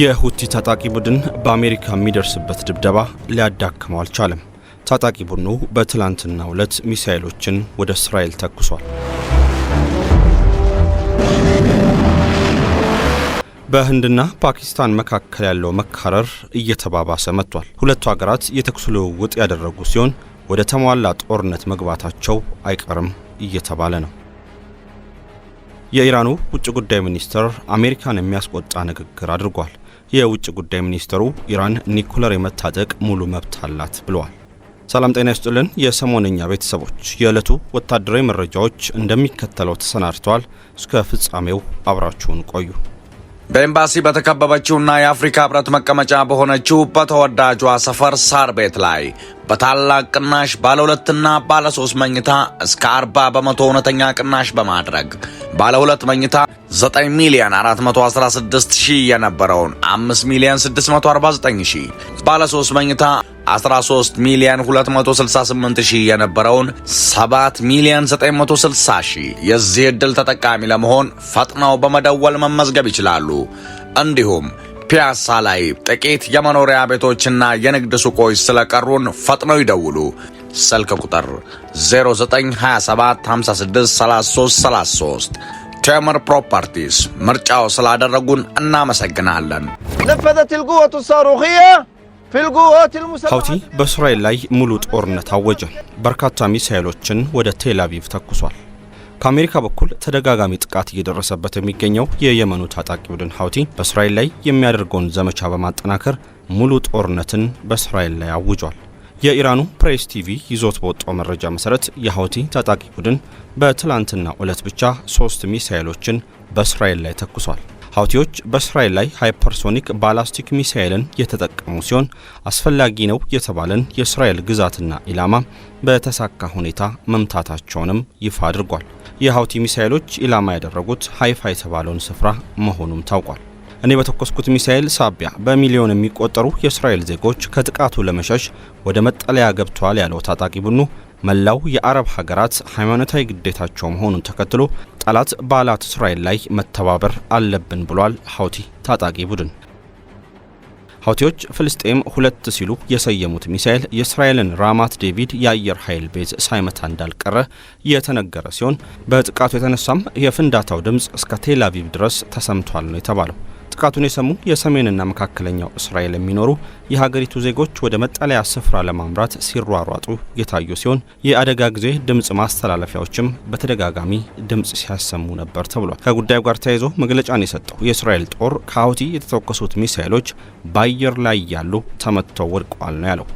የሁቲ ታጣቂ ቡድን በአሜሪካ የሚደርስበት ድብደባ ሊያዳክመው አልቻለም። ታጣቂ ቡድኑ በትላንትና ሁለት ሚሳኤሎችን ወደ እስራኤል ተኩሷል። በህንድና ፓኪስታን መካከል ያለው መካረር እየተባባሰ መጥቷል። ሁለቱ ሀገራት የተኩስ ልውውጥ ያደረጉ ሲሆን ወደ ተሟላ ጦርነት መግባታቸው አይቀርም እየተባለ ነው። የኢራኑ ውጭ ጉዳይ ሚኒስትር አሜሪካን የሚያስቆጣ ንግግር አድርጓል። የውጭ ጉዳይ ሚኒስትሩ ኢራን ኒኩለር የመታጠቅ ሙሉ መብት አላት ብለዋል። ሰላም ጤና ይስጥልን፣ የሰሞነኛ ቤተሰቦች፣ የዕለቱ ወታደራዊ መረጃዎች እንደሚከተለው ተሰናድተዋል። እስከ ፍጻሜው አብራችሁን ቆዩ። በኤምባሲ በተከበበችውና የአፍሪካ ህብረት መቀመጫ በሆነችው በተወዳጇ ሰፈር ሳር ቤት ላይ በታላቅ ቅናሽ ባለ ሁለትና ባለ ሶስት መኝታ እስከ አርባ በመቶ እውነተኛ ቅናሽ በማድረግ ባለ ሁለት መኝታ 9 ሚሊዮን 416 ሺህ የነበረውን 5 ሚሊዮን 649 ሺህ፣ ባለ 3 መኝታ 13 ሚሊዮን 268 ሺህ የነበረውን 7 ሚሊዮን 960 ሺህ የዚህ ዕድል ተጠቃሚ ለመሆን ፈጥነው በመደወል መመዝገብ ይችላሉ። እንዲሁም ፒያሳ ላይ ጥቂት የመኖሪያ ቤቶችና የንግድ ሱቆች ስለቀሩን ፈጥነው ይደውሉ። ስልክ ቁጥር 0927563333 ቸመር ፕሮፐርቲስ ምርጫው ስላደረጉን እናመሰግናለን። ሀውቲ በእስራኤል ላይ ሙሉ ጦርነት አወጀ። በርካታ ሚሳኤሎችን ወደ ቴል አቪቭ ተኩሷል። ከአሜሪካ በኩል ተደጋጋሚ ጥቃት እየደረሰበት የሚገኘው የየመኑ ታጣቂ ቡድን ሀውቲ በእስራኤል ላይ የሚያደርገውን ዘመቻ በማጠናከር ሙሉ ጦርነትን በእስራኤል ላይ አውጇል። የኢራኑ ፕሬስ ቲቪ ይዞት በወጣው መረጃ መሰረት የሀውቲ ታጣቂ ቡድን በትላንትና ዕለት ብቻ ሶስት ሚሳኤሎችን በእስራኤል ላይ ተኩሷል። ሀውቲዎች በእስራኤል ላይ ሃይፐርሶኒክ ባላስቲክ ሚሳኤልን የተጠቀሙ ሲሆን አስፈላጊ ነው የተባለን የእስራኤል ግዛትና ኢላማ በተሳካ ሁኔታ መምታታቸውንም ይፋ አድርጓል። የሀውቲ ሚሳኤሎች ኢላማ ያደረጉት ሃይፋ የተባለውን ስፍራ መሆኑም ታውቋል። እኔ በተኮስኩት ሚሳኤል ሳቢያ በሚሊዮን የሚቆጠሩ የእስራኤል ዜጎች ከጥቃቱ ለመሸሽ ወደ መጠለያ ገብተዋል ያለው ታጣቂ ቡድኑ መላው የአረብ ሀገራት ሃይማኖታዊ ግዴታቸው መሆኑን ተከትሎ ጠላት ባላት እስራኤል ላይ መተባበር አለብን ብሏል ሀውቲ ታጣቂ ቡድን። ሀውቲዎች ፍልስጤም ሁለት ሲሉ የሰየሙት ሚሳኤል የእስራኤልን ራማት ዴቪድ የአየር ኃይል ቤዝ ሳይመታ እንዳልቀረ የተነገረ ሲሆን በጥቃቱ የተነሳም የፍንዳታው ድምፅ እስከ ቴል አቪቭ ድረስ ተሰምቷል ነው የተባለው። ጥቃቱን የሰሙ የሰሜንና መካከለኛው እስራኤል የሚኖሩ የሀገሪቱ ዜጎች ወደ መጠለያ ስፍራ ለማምራት ሲሯሯጡ የታዩ ሲሆን የአደጋ ጊዜ ድምፅ ማስተላለፊያዎችም በተደጋጋሚ ድምፅ ሲያሰሙ ነበር ተብሏል። ከጉዳዩ ጋር ተያይዞ መግለጫን የሰጠው የእስራኤል ጦር ከሀውቲ የተተኮሱት ሚሳይሎች በአየር ላይ ያሉ ተመትተው ወድቀዋል ነው ያለው።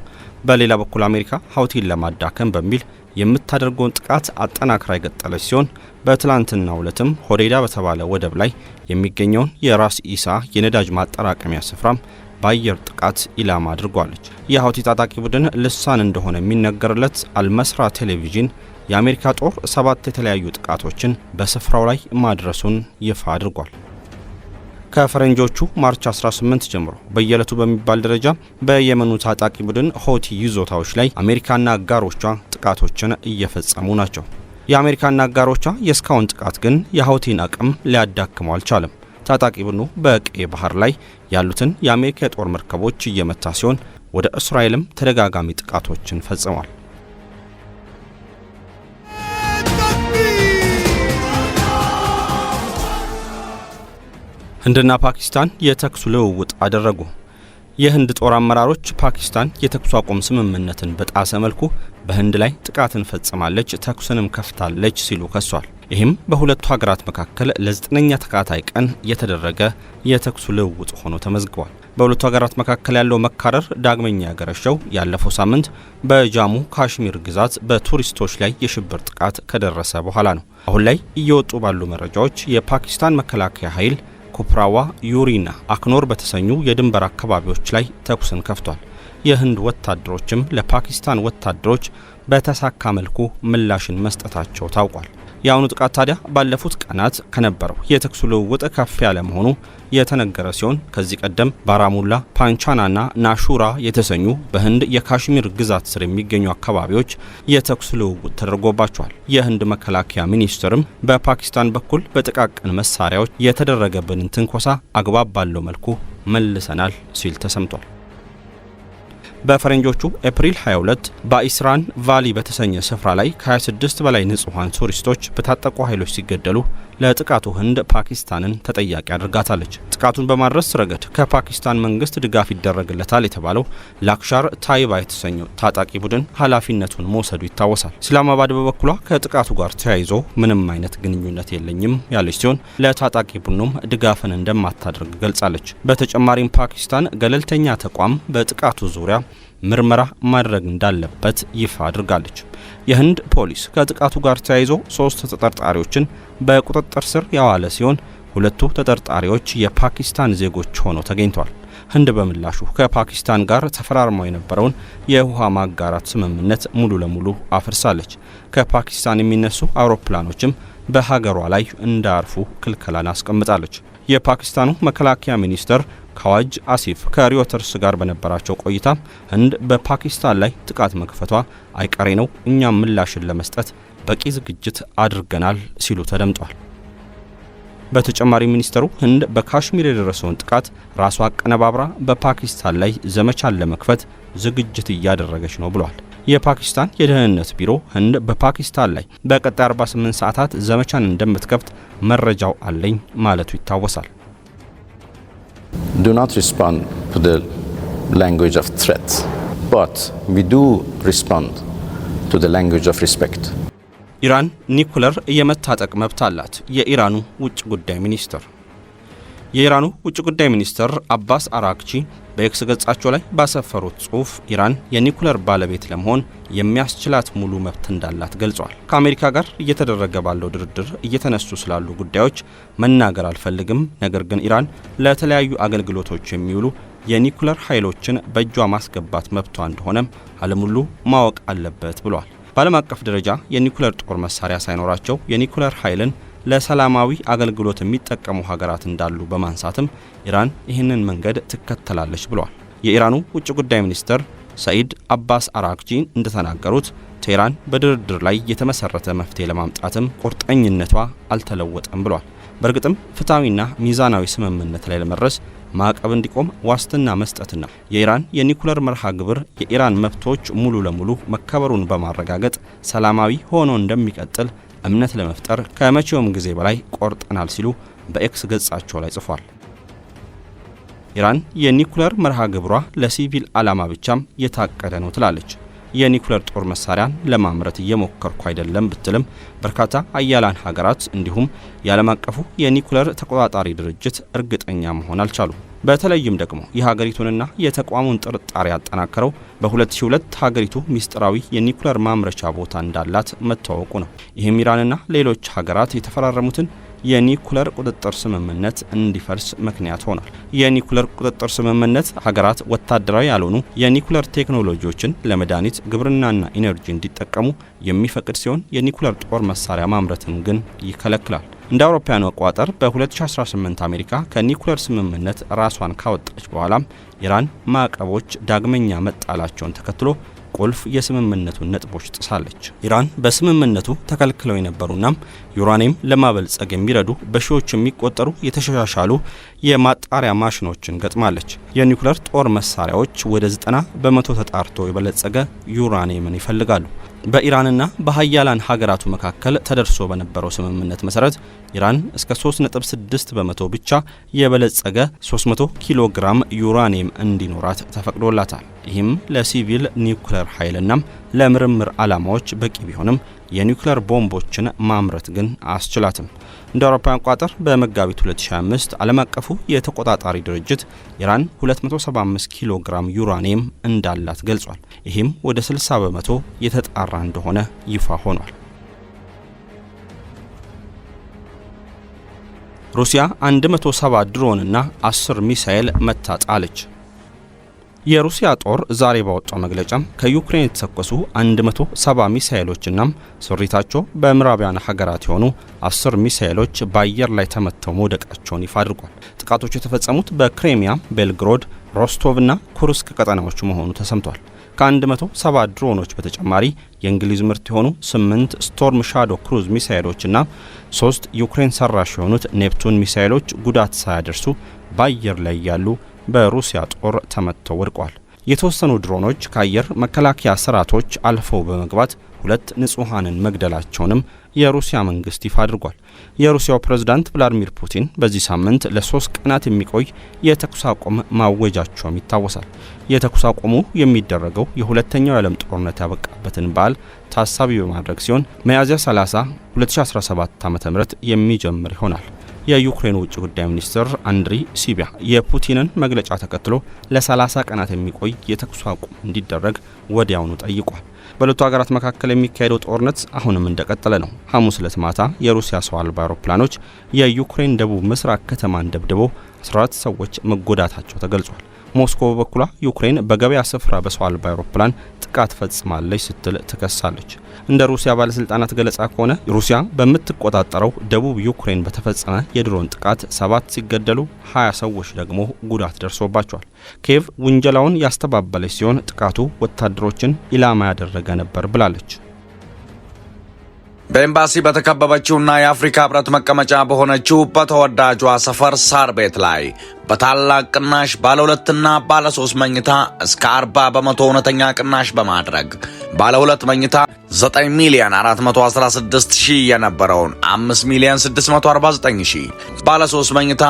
በሌላ በኩል አሜሪካ ሀውቲን ለማዳከም በሚል የምታደርገውን ጥቃት አጠናክራ የቀጠለች ሲሆን በትላንትናው ዕለትም ሆዴዳ በተባለ ወደብ ላይ የሚገኘውን የራስ ኢሳ የነዳጅ ማጠራቀሚያ ስፍራም በአየር ጥቃት ኢላማ አድርጓለች። የሀውቲ ታጣቂ ቡድን ልሳን እንደሆነ የሚነገርለት አልመስራ ቴሌቪዥን የአሜሪካ ጦር ሰባት የተለያዩ ጥቃቶችን በስፍራው ላይ ማድረሱን ይፋ አድርጓል። ከፈረንጆቹ ማርች 18 ጀምሮ በየዕለቱ በሚባል ደረጃ በየመኑ ታጣቂ ቡድን ሆቲ ይዞታዎች ላይ አሜሪካና አጋሮቿ ጥቃቶችን እየፈጸሙ ናቸው። የአሜሪካና አጋሮቿ የእስካሁን ጥቃት ግን የሀውቲን አቅም ሊያዳክመው አልቻለም። ታጣቂ ቡድኑ በቀይ ባህር ላይ ያሉትን የአሜሪካ የጦር መርከቦች እየመታ ሲሆን ወደ እስራኤልም ተደጋጋሚ ጥቃቶችን ፈጽሟል። ህንድና ፓኪስታን የተኩስ ልውውጥ አደረጉ። የህንድ ጦር አመራሮች ፓኪስታን የተኩስ አቁም ስምምነትን በጣሰ መልኩ በህንድ ላይ ጥቃትን ፈጽማለች፣ ተኩስንም ከፍታለች ሲሉ ከሷል። ይህም በሁለቱ ሀገራት መካከል ለዘጠነኛ ተከታታይ ቀን የተደረገ የተኩሱ ልውውጥ ሆኖ ተመዝግቧል። በሁለቱ ሀገራት መካከል ያለው መካረር ዳግመኛ ያገረሸው ያለፈው ሳምንት በጃሙ ካሽሚር ግዛት በቱሪስቶች ላይ የሽብር ጥቃት ከደረሰ በኋላ ነው። አሁን ላይ እየወጡ ባሉ መረጃዎች የፓኪስታን መከላከያ ኃይል ኩፕራዋ፣ ዩሪና አክኖር በተሰኙ የድንበር አካባቢዎች ላይ ተኩስን ከፍቷል። የህንድ ወታደሮችም ለፓኪስታን ወታደሮች በተሳካ መልኩ ምላሽን መስጠታቸው ታውቋል። የአሁኑ ጥቃት ታዲያ ባለፉት ቀናት ከነበረው የተኩስ ልውውጥ ከፍ ያለ መሆኑ የተነገረ ሲሆን ከዚህ ቀደም ባራሙላ፣ ፓንቻናና ናሹራ የተሰኙ በህንድ የካሽሚር ግዛት ስር የሚገኙ አካባቢዎች የተኩስ ልውውጥ ተደርጎባቸዋል። የህንድ መከላከያ ሚኒስትርም በፓኪስታን በኩል በጥቃቅን መሳሪያዎች የተደረገብንን ትንኮሳ አግባብ ባለው መልኩ መልሰናል ሲል ተሰምቷል። በፈረንጆቹ ኤፕሪል 22 በኢስራን ቫሊ በተሰኘ ስፍራ ላይ ከ26 በላይ ንጹሐን ቱሪስቶች በታጠቁ ኃይሎች ሲገደሉ ለጥቃቱ ህንድ ፓኪስታንን ተጠያቂ አድርጋታለች። ጥቃቱን በማድረስ ረገድ ከፓኪስታን መንግስት ድጋፍ ይደረግለታል የተባለው ላክሻር ታይባ የተሰኘው ታጣቂ ቡድን ኃላፊነቱን መውሰዱ ይታወሳል። ኢስላማባድ በበኩሏ ከጥቃቱ ጋር ተያይዞ ምንም አይነት ግንኙነት የለኝም ያለች ሲሆን ለታጣቂ ቡድኑም ድጋፍን እንደማታደርግ ገልጻለች። በተጨማሪም ፓኪስታን ገለልተኛ ተቋም በጥቃቱ ዙሪያ ምርመራ ማድረግ እንዳለበት ይፋ አድርጋለች። የህንድ ፖሊስ ከጥቃቱ ጋር ተያይዞ ሶስት ተጠርጣሪዎችን በቁጥጥር ስር ያዋለ ሲሆን ሁለቱ ተጠርጣሪዎች የፓኪስታን ዜጎች ሆነው ተገኝተዋል። ህንድ በምላሹ ከፓኪስታን ጋር ተፈራርመው የነበረውን የውሃ ማጋራት ስምምነት ሙሉ ለሙሉ አፍርሳለች። ከፓኪስታን የሚነሱ አውሮፕላኖችም በሀገሯ ላይ እንዳያርፉ ክልከላን አስቀምጣለች። የፓኪስታኑ መከላከያ ሚኒስትር ካዋጅ አሲፍ ከሪዮተርስ ጋር በነበራቸው ቆይታ ህንድ በፓኪስታን ላይ ጥቃት መክፈቷ አይቀሬ ነው፣ እኛም ምላሽን ለመስጠት በቂ ዝግጅት አድርገናል ሲሉ ተደምጧል። በተጨማሪ ሚኒስትሩ ህንድ በካሽሚር የደረሰውን ጥቃት ራሷ አቀነባብራ በፓኪስታን ላይ ዘመቻን ለመክፈት ዝግጅት እያደረገች ነው ብሏል። የፓኪስታን የደህንነት ቢሮ ህንድ በፓኪስታን ላይ በቀጣይ 48 ሰዓታት ዘመቻን እንደምትከፍት መረጃው አለኝ ማለቱ ይታወሳል። do not respond to the language of threat but we do respond ኢራን ኒኩለር የመታጠቅ መብት አላት። የኢራኑ ውጭ ጉዳይ ሚኒስትር የኢራኑ ውጭ ጉዳይ ሚኒስትር አባስ አራክቺ በኤክስ ገጻቸው ላይ ባሰፈሩት ጽሑፍ ኢራን የኒኩለር ባለቤት ለመሆን የሚያስችላት ሙሉ መብት እንዳላት ገልጿል። ከአሜሪካ ጋር እየተደረገ ባለው ድርድር እየተነሱ ስላሉ ጉዳዮች መናገር አልፈልግም፣ ነገር ግን ኢራን ለተለያዩ አገልግሎቶች የሚውሉ የኒኩለር ኃይሎችን በእጇ ማስገባት መብቷ እንደሆነም ዓለም ሁሉ ማወቅ አለበት ብሏል። በዓለም አቀፍ ደረጃ የኒኩለር ጦር መሳሪያ ሳይኖራቸው የኒኩለር ኃይልን ለሰላማዊ አገልግሎት የሚጠቀሙ ሀገራት እንዳሉ በማንሳትም ኢራን ይህንን መንገድ ትከተላለች ብለዋል። የኢራኑ ውጭ ጉዳይ ሚኒስትር ሰኢድ አባስ አራክጂ እንደተናገሩት ቴህራን በድርድር ላይ የተመሰረተ መፍትሄ ለማምጣትም ቁርጠኝነቷ አልተለወጠም ብሏል። በእርግጥም ፍትሐዊና ሚዛናዊ ስምምነት ላይ ለመድረስ ማዕቀብ እንዲቆም ዋስትና መስጠትና የኢራን የኒኩለር መርሃ ግብር የኢራን መብቶች ሙሉ ለሙሉ መከበሩን በማረጋገጥ ሰላማዊ ሆኖ እንደሚቀጥል እምነት ለመፍጠር ከመቼውም ጊዜ በላይ ቆርጠናል ሲሉ በኤክስ ገጻቸው ላይ ጽፏል። ኢራን የኒኩለር መርሃ ግብሯ ለሲቪል ዓላማ ብቻም የታቀደ ነው ትላለች። የኒኩለር ጦር መሳሪያን ለማምረት እየሞከርኩ አይደለም ብትልም በርካታ አያላን ሀገራት እንዲሁም የዓለም አቀፉ የኒኩለር ተቆጣጣሪ ድርጅት እርግጠኛ መሆን አልቻሉም። በተለይም ደግሞ የሀገሪቱንና የተቋሙን ጥርጣሬ ያጠናከረው በ2002 ሀገሪቱ ሚስጥራዊ የኒኩለር ማምረቻ ቦታ እንዳላት መታወቁ ነው። ይህም ኢራንና ሌሎች ሀገራት የተፈራረሙትን የኒኩለር ቁጥጥር ስምምነት እንዲፈርስ ምክንያት ሆኗል። የኒኩለር ቁጥጥር ስምምነት ሀገራት ወታደራዊ ያልሆኑ የኒኩለር ቴክኖሎጂዎችን ለመድኃኒት፣ ግብርናና ኢነርጂ እንዲጠቀሙ የሚፈቅድ ሲሆን የኒኩለር ጦር መሳሪያ ማምረትን ግን ይከለክላል። እንደ አውሮፓውያኑ አቆጣጠር በ2018 አሜሪካ ከኒኩሌር ስምምነት ራሷን ካወጣች በኋላም ኢራን ማዕቀቦች ዳግመኛ መጣላቸውን ተከትሎ ቁልፍ የስምምነቱን ነጥቦች ጥሳለች። ኢራን በስምምነቱ ተከልክለው የነበሩና ዩራኒየም ለማበልጸግ የሚረዱ በሺዎች የሚቆጠሩ የተሻሻሉ የማጣሪያ ማሽኖችን ገጥማለች። የኒኩሌር ጦር መሳሪያዎች ወደ 90 በመቶ ተጣርቶ የበለጸገ ዩራኒየምን ይፈልጋሉ። በኢራንና በሀያላን ሀገራቱ መካከል ተደርሶ በነበረው ስምምነት መሰረት ኢራን እስከ 3.6 በመቶ ብቻ የበለጸገ 300 ኪሎ ግራም ዩራኒየም እንዲኖራት ተፈቅዶላታል። ይህም ለሲቪል ኒውክለር ኃይልና ለምርምር ዓላማዎች በቂ ቢሆንም የኒውክሌር ቦምቦችን ማምረት ግን አስችላትም። እንደ አውሮፓውያን አቆጣጠር በመጋቢት 2025 ዓለም አቀፉ የተቆጣጣሪ ድርጅት ኢራን 275 ኪሎ ግራም ዩራኒየም እንዳላት ገልጿል። ይህም ወደ 60 በመቶ የተጣራ እንደሆነ ይፋ ሆኗል። ሩሲያ 170 ድሮንና 10 ሚሳኤል መታጣለች። የሩሲያ ጦር ዛሬ ባወጣው መግለጫ ከዩክሬን የተተኮሱ 170 ሚሳኤሎችና ስሪታቸው በምዕራባውያን ሀገራት የሆኑ 10 ሚሳኤሎች በአየር ላይ ተመተው መውደቃቸውን ይፋ አድርጓል። ጥቃቶቹ የተፈጸሙት በክሬሚያ፣ ቤልግሮድ፣ ሮስቶቭና ኩርስክ ቀጠናዎቹ መሆኑ ተሰምቷል። ከ170 ድሮኖች በተጨማሪ የእንግሊዝ ምርት የሆኑ 8 ስቶርም ሻዶ ክሩዝ ሚሳኤሎችና 3 ዩክሬን ሰራሽ የሆኑት ኔፕቱን ሚሳኤሎች ጉዳት ሳያደርሱ በአየር ላይ ያሉ በሩሲያ ጦር ተመተው ወድቋል። የተወሰኑ ድሮኖች ከአየር መከላከያ ስርዓቶች አልፈው በመግባት ሁለት ንጹሐንን መግደላቸውንም የሩሲያ መንግስት ይፋ አድርጓል። የሩሲያው ፕሬዝዳንት ቭላዲሚር ፑቲን በዚህ ሳምንት ለሶስት ቀናት የሚቆይ የተኩስ አቁም ማወጃቸውም ይታወሳል። የተኩስ አቁሙ የሚደረገው የሁለተኛው የዓለም ጦርነት ያበቃበትን በዓል ታሳቢ በማድረግ ሲሆን ሚያዝያ 30 2017 ም የሚጀምር ይሆናል። የዩክሬን ውጭ ጉዳይ ሚኒስትር አንድሪ ሲቢያ የፑቲንን መግለጫ ተከትሎ ለ30 ቀናት የሚቆይ የተኩስ አቁም እንዲደረግ ወዲያውኑ ጠይቋል። በሁለቱ ሀገራት መካከል የሚካሄደው ጦርነት አሁንም እንደቀጠለ ነው። ሐሙስ ዕለት ማታ የሩሲያ ሰው አልባ አውሮፕላኖች የዩክሬን ደቡብ ምስራቅ ከተማን ደብድበው 14 ሰዎች መጎዳታቸው ተገልጿል። ሞስኮ በበኩሏ ዩክሬን በገበያ ስፍራ በሰው አልባ አውሮፕላን ጥቃት ፈጽማለች ስትል ትከሳለች። እንደ ሩሲያ ባለስልጣናት ገለጻ ከሆነ ሩሲያ በምትቆጣጠረው ደቡብ ዩክሬን በተፈጸመ የድሮን ጥቃት ሰባት ሲገደሉ ሀያ ሰዎች ደግሞ ጉዳት ደርሶባቸዋል። ኬቭ ውንጀላውን ያስተባበለች ሲሆን ጥቃቱ ወታደሮችን ኢላማ ያደረገ ነበር ብላለች። በኤምባሲ በተከበበችውና የአፍሪካ ህብረት መቀመጫ በሆነችው በተወዳጇ ሰፈር ሳር ቤት ላይ በታላቅ ቅናሽ ባለ ሁለትና ባለ ሶስት መኝታ እስከ 40 በመቶ እውነተኛ ቅናሽ በማድረግ ባለ ሁለት መኝታ 9 ሚሊዮን 416 ሺህ የነበረውን 5 ሚሊዮን 649 ሺህ፣ ባለ ሶስት መኝታ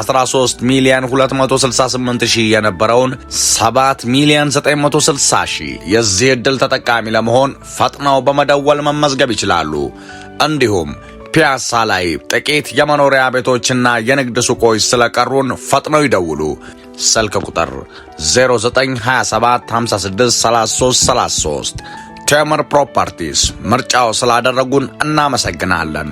13 ሚሊዮን 268 ሺህ የነበረውን 7 ሚሊዮን 960 ሺህ። የዚህ ዕድል ተጠቃሚ ለመሆን ፈጥነው በመደወል መመዝገብ ይችላሉ። እንዲሁም ፒያሳ ላይ ጥቂት የመኖሪያ ቤቶችና የንግድ ሱቆች ስለቀሩን ፈጥነው ይደውሉ። ስልክ ቁጥር 0927563333 ቴምር ፕሮፐርቲስ ምርጫው ስላደረጉን እናመሰግናለን።